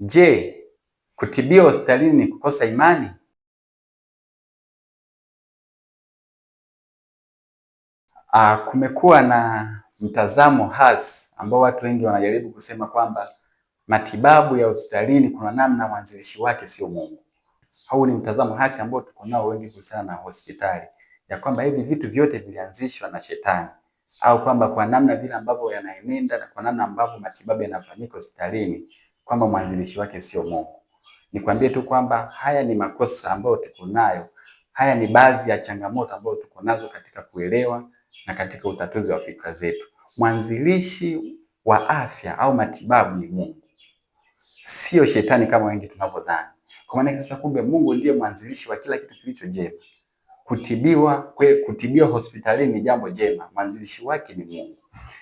Je, kutibiwa hospitalini ni kukosa imani? Ah, kumekuwa na mtazamo hasi ambao watu wengi wanajaribu kusema kwamba matibabu ya hospitalini kuna namna mwanzilishi wake sio Mungu. Huu ni mtazamo hasi ambao tuko nao wengi kuhusiana na hospitali, ya kwamba hivi vitu vyote vilianzishwa na Shetani au kwamba kwa namna vile ambavyo yanaenenda na kwa namna ambavyo matibabu yanafanyika hospitalini kwamba mwanzilishi wake sio Mungu. Nikwambie tu kwamba haya ni makosa ambayo tuko nayo, haya ni baadhi ya changamoto ambazo tuko nazo katika kuelewa na katika utatuzi wa fikra zetu. Mwanzilishi wa afya au matibabu ni Mungu, sio shetani kama wengi tunavyodhani. Kwa maana sasa, kumbe Mungu ndiye mwanzilishi wa kila kitu kilicho jema. Kutibiwa kwe, kutibiwa hospitalini ni jambo jema, mwanzilishi wake ni Mungu.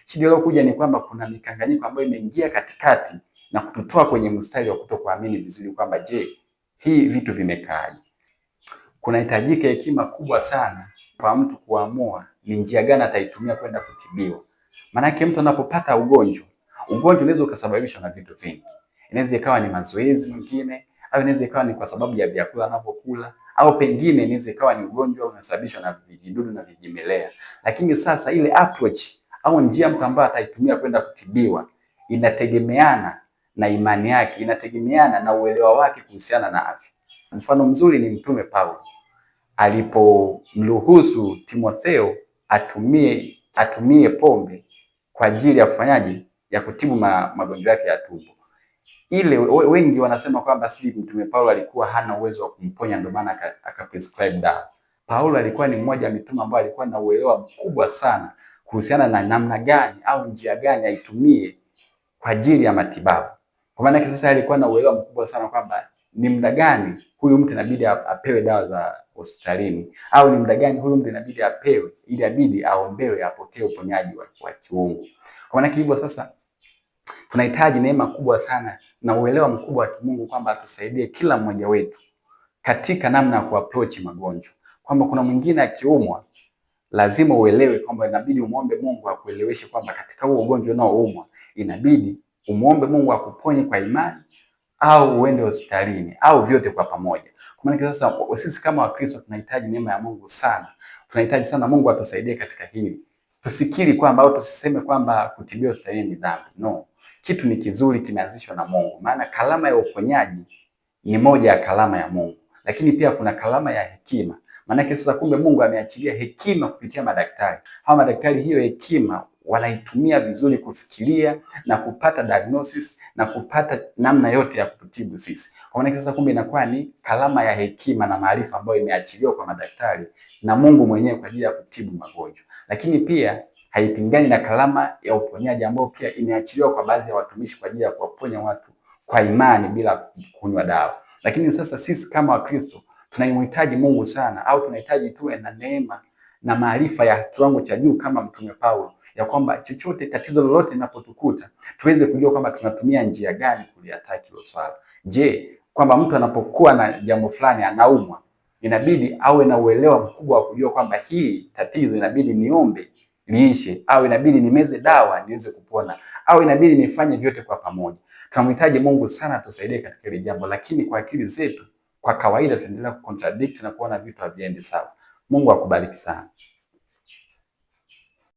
Shida iliyokuja ni kwamba kuna mikanganyiko ambayo imeingia katikati na kututoa kwenye mstari wa kutokuamini vizuri kwamba je, hii vitu vimekaaje? Kunahitajika hekima kubwa sana kwa mtu kuamua ni njia gani ataitumia kwenda kutibiwa. Maanake mtu anapopata ugonjwa, ugonjwa unaweza ukasababishwa na vitu vingi. Inaweza ikawa ni mazoezi mengine, au inaweza ikawa ni kwa sababu ya vyakula anavyokula, au pengine inaweza ikawa ni ugonjwa unasababishwa na vijidudu na vijimelea. Lakini sasa ile approach au njia mtu ambaye ataitumia kwenda kutibiwa inategemeana na imani yake inategemeana na uelewa wake kuhusiana na afya. Mfano mzuri ni Mtume Paulo alipomruhusu Timotheo atumie atumie pombe kwa ajili ya kufanyaje ya kutibu ma, magonjwa yake ya tumbo. Ile wengi wanasema kwamba si Mtume Paulo alikuwa hana uwezo wa kumponya ndio maana akaprescribe dawa. Paulo alikuwa ni mmoja wa mitume ambao alikuwa na uelewa mkubwa sana kuhusiana na namna gani au njia gani aitumie kwa ajili ya matibabu. Kwa maana yake sasa alikuwa na uelewa mkubwa sana kwamba ni muda gani huyu mtu inabidi apewe dawa za hospitalini au ni muda gani huyu mtu inabidi apewe ili abidi aombewe apokee uponyaji wa, wa kiungu. Kwa maana hivyo sasa tunahitaji neema kubwa sana na uelewa mkubwa wa kimungu kwamba atusaidie kila mmoja wetu katika namna ya kuapproach magonjwa, kwamba kuna mwingine akiumwa lazima uelewe kwamba inabidi umwombe Mungu akueleweshe kwamba katika huo ugonjwa unaoumwa inabidi umwombe Mungu akuponye kwa imani au uende hospitalini au vyote kwa pamoja. Kwa maana sasa sisi kama Wakristo tunahitaji neema ya Mungu sana, tunahitaji sana Mungu atusaidie katika hili. Tusikiri kwamba au tusiseme kwamba kutibiwa hospitalini ni dhambi. No, kitu ni kizuri, kimeanzishwa na Mungu, maana kalama ya uponyaji ni moja ya kalama ya Mungu, lakini pia kuna kalama ya hekima Maanake sasa kumbe Mungu ameachilia hekima kupitia madaktari. Hawa madaktari hiyo hekima wanaitumia vizuri kufikiria na kupata diagnosis na kupata namna yote ya kutibu sisi. Kwa maana sasa kumbe inakuwa ni kalama ya hekima na maarifa ambayo imeachiliwa kwa madaktari na Mungu mwenyewe kwa ajili ya kutibu magonjwa. Lakini pia haipingani na kalama ya uponyaji ambayo pia imeachiliwa kwa baadhi ya watumishi kwa ajili ya kuwaponya watu kwa imani bila kunywa dawa. Lakini sasa sisi kama Wakristo tunayemhitaji Mungu sana au tunahitaji tuwe na neema na maarifa ya kiwango cha juu kama Mtume Paulo, ya kwamba chochote, tatizo lolote linapotukuta tuweze kujua kwamba tunatumia njia gani kuliataki hilo swala. Je, kwamba mtu anapokuwa na jambo fulani anaumwa, inabidi awe na uelewa mkubwa wa kujua kwamba hii tatizo inabidi niombe liishe, au inabidi nimeze dawa niweze kupona, au inabidi nifanye vyote kwa pamoja. Tunamhitaji Mungu sana tusaidie katika hili jambo, lakini kwa akili zetu kwa kawaida tunaendelea kucontradict na kuona vitu haviendi sawa. Mungu akubariki sana.